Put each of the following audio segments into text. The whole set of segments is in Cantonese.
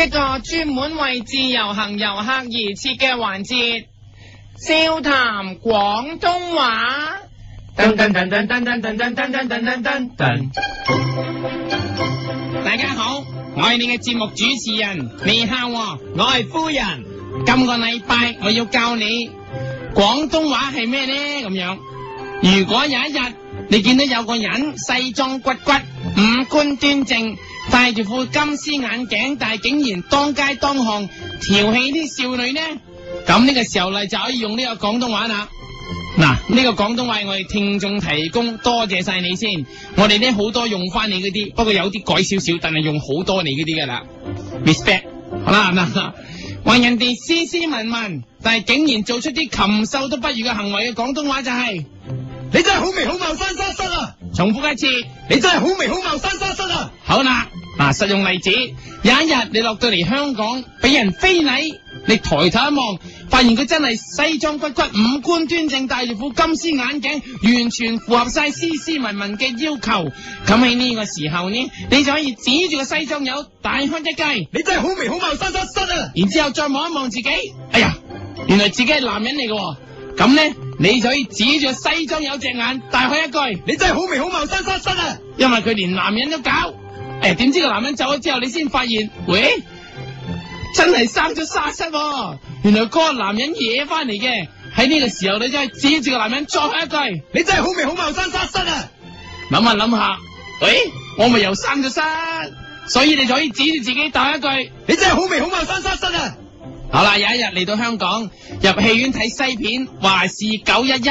一個專門為自由行遊客而設嘅環節，笑談廣東話。噔噔噔噔噔噔噔噔噔噔噔噔噔。大家好，我係你嘅節目主持人，你孝，我係夫人。今個禮拜我要教你廣東話係咩呢？咁樣，如果有一日你見到有個人西裝骨骨，五官端正。戴住副金絲眼鏡，但係竟然當街當巷調戲啲少女呢？咁呢個時候嚟就可以用呢個廣東話啦。嗱，呢、這個廣東話我哋聽眾提供，多謝晒你先。我哋呢好多用翻你嗰啲，不過有啲改少少，但係用好多你嗰啲噶啦。Respect，好啦，嗱，話人哋斯斯文文，但係竟然做出啲禽獸都不如嘅行為嘅廣東話就係、是，你真係好眉、好貌生沙虱啊！重複一次，你真係好眉、好貌生沙虱啊！好啦。嗱、啊，實用例子，有一日你落到嚟香港，俾人非禮，你抬頭一望，發現佢真係西裝骨骨，五官端正，戴住副金絲眼鏡，完全符合晒斯斯文文嘅要求。咁喺呢個時候呢，你就可以指住個西裝友，大開只計，你真係好眉好貌，生沙虱啊！然之後再望一望自己，哎呀，原來自己係男人嚟嘅，咁呢，你就可以指住個西裝友隻眼，大開一句，你真係好眉好貌，生沙虱啊！因為佢連男人都搞。誒，點知個男人走咗之後，你先發現，喂，真係生咗沙虱，原來嗰個男人惹翻嚟嘅。喺呢個時候，你真係指住個男人再下一句，你真係好味好後生沙虱啊！諗下諗下，喂，我咪又生咗沙，所以你就可以指住自己打一句，你真係好味好後生沙虱啊！好啦，有一日嚟到香港，入戲院睇西片《華氏九一一》，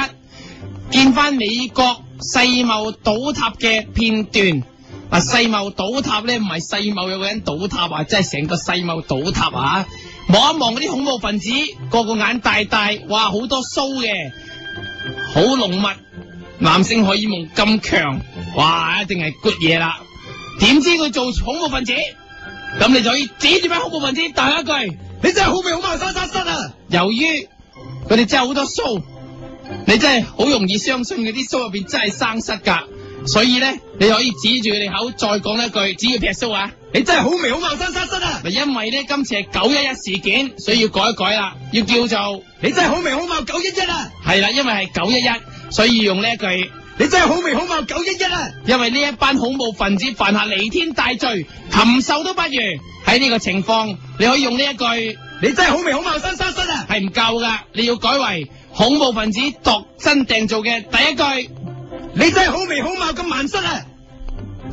見翻美國世貿倒塌嘅片段。啊！世貿倒塌咧，唔係世貿有個人倒塌，話真係成個世貿倒塌啊！望一望嗰啲恐怖分子，個個眼大大，哇，好多鬚嘅，好濃密，男性荷爾蒙咁強，哇，一定係 good 嘢啦！點知佢做恐怖分子？咁你就可以指住班恐怖分子，大一句：你真係好明好馬生生失啊！由於佢哋真係好多鬚，你真係好容易相信嗰啲鬚入邊真係生虱噶。所以咧，你可以指住你口再講一句，只要劈 s 啊！ 你真係好眉好貌生沙虱啊！因為咧，今次係九一一事件，所以要改一改啦，要叫做你真係好眉好貌九一一啊！係啦，因為係九一一，所以用呢一句，你真係好眉好貌九一一啊！因為呢一班恐怖分子犯下彌天大罪，禽獸都不如。喺呢個情況，你可以用呢一句，你真係好眉好貌生沙虱啊！係唔夠噶，你要改為恐怖分子度身訂造嘅第一句。你真係好眉好貌咁文質啊！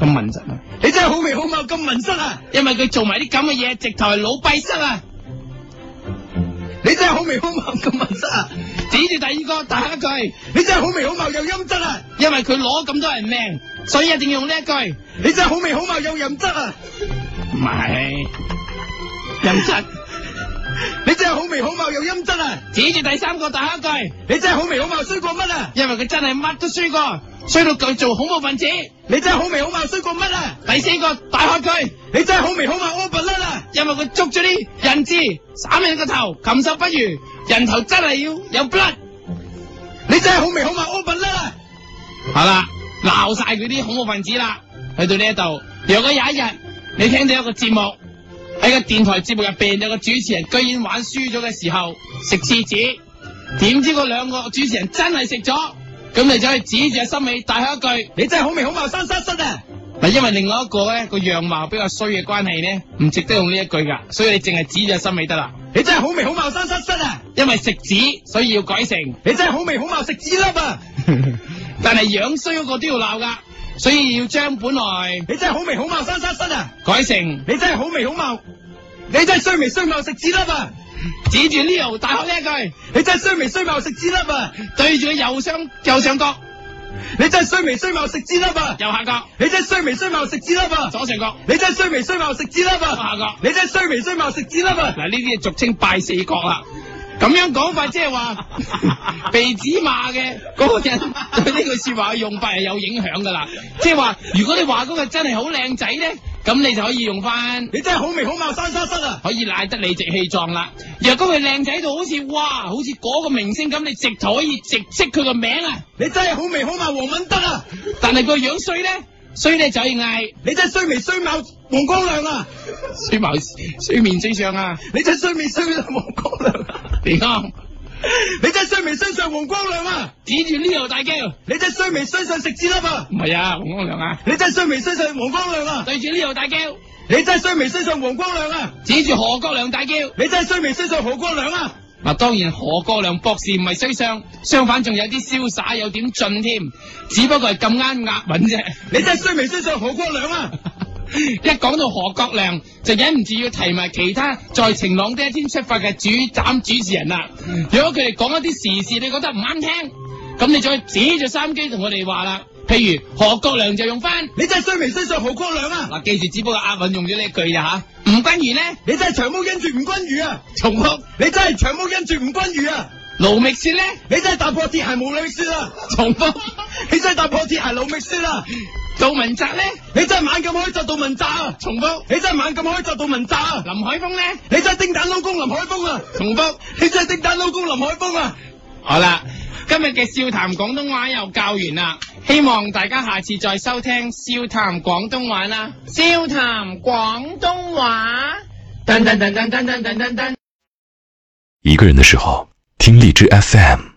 咁文質啊！你真係好眉好貌咁文質啊！因為佢做埋啲咁嘅嘢，直頭係老弊質啊！你真係好眉好貌咁文質啊！指住第二個打一句， 你真係好眉好貌又陰質啊！因為佢攞咁多人命，所以一定要用呢一句，你真係好眉好貌又陰質啊！唔係陰質。 你真係好眉好貌又陰質啊！指住第三個大黑怪，你真係好眉好貌，衰過乜啊？因為佢真係乜都衰過，衰到佢做恐怖分子。你真係好眉好貌，衰過乜啊？第四個大黑怪，你真係好眉好貌，open 啦！因為佢捉住啲人質，砍人個頭，禽獸不如，人頭真係要有 blood。你真係好眉好貌，open 啦！好啦，鬧晒佢啲恐怖分子啦，去到呢一度，如果有一日你聽到一個節目。喺個電台節目入邊，有個主持人居然玩輸咗嘅時候食柿子，點知個兩個主持人真係食咗。咁你就可以指住阿心尾，大口一句：你真係好味好貌生失失啊！嗱，因為另外一個咧個樣貌比較衰嘅關係咧，唔值得用呢一句噶，所以你淨係指住阿心尾得啦。你真係好味好貌生失失啊！因為食子，所以要改成 你真係好味好貌食子粒啊！ 但係樣衰個都要鬧噶。所以要將本來你真係好眉好貌生沙虱啊，改成你真係好眉好貌，你真係衰眉衰貌食紙粒啊！指住呢度大喊一句：你真係衰眉衰貌食紙粒啊！對住右上右上角，你真係衰眉衰貌食紙粒啊！右下角，你真係衰眉衰貌食紙粒啊！左上角，你真係衰眉衰貌食紙粒啊！下角，你真係衰眉衰貌食紙粒啊！嗱，呢啲就俗稱拜四角啦。咁樣講法，即係話被指罵嘅嗰個人對呢句說話嘅用法係有影響噶啦。即係話，如果你話嗰個真係好靚仔咧，咁你就可以用翻。你真係好眉好貌，生沙塞啊！可以賴得理直氣壯啦。若果佢靚仔到好似哇，好似嗰個明星咁，你直就可以直識佢，啊、個名啊！你真係好眉好貌，黃敏德啊！但係個樣衰咧，衰咧就可以嗌，你真係衰眉衰貌，黃光亮啊！衰貌衰面正相啊！你真係衰眉衰相，黃光亮。 你真係衰眉衰上黃光亮啊！指住呢度大叫， 你真係衰眉衰上食字粒啊！唔係啊，黃光亮啊， 你真係衰眉衰上黃光亮啊！對住呢度大叫， 你真係衰眉衰上黃光亮啊！ 指住何國良大叫， 你真係衰眉衰上何國良啊！嗱、 啊，當然何國良博士唔係衰相，相反仲有啲瀟灑，有點俊添。只不過係咁啱押韻啫。你真係衰眉衰上何國良啊！ 一講到何國良，就忍唔住要提埋其他在晴朗第一天出發嘅主斬主持人啦。嗯、如果佢哋講一啲時事，你覺得唔啱聽，咁你再指住三機同我哋話啦。譬如何國良就用翻，你真係衰眉衰笑何國良啊！嗱、啊，記住只不過押韻用咗呢一句咋吓。吳、啊、君如呢？你真係長毛因住吳君如啊！重複，你真係長毛因住吳君如啊！盧覓雪呢？你真係踏破鐵鞋冇覓雪啊！重複。你真係打破鐵系老美詩啦，杜汶澤咧，你真係猛咁開鑿杜汶澤啊！重複，你真係猛咁開鑿杜汶澤啊！林海峰咧，你真係叮當老公林海峰啊！重複，你真係叮當老公林海峰啊！ 好啦，今日嘅笑談廣東話又教完啦，希望大家下次再收聽笑談廣東話啦。笑談廣東話，噔噔噔噔噔噔噔噔。一個人嘅時候，聽荔枝 FM。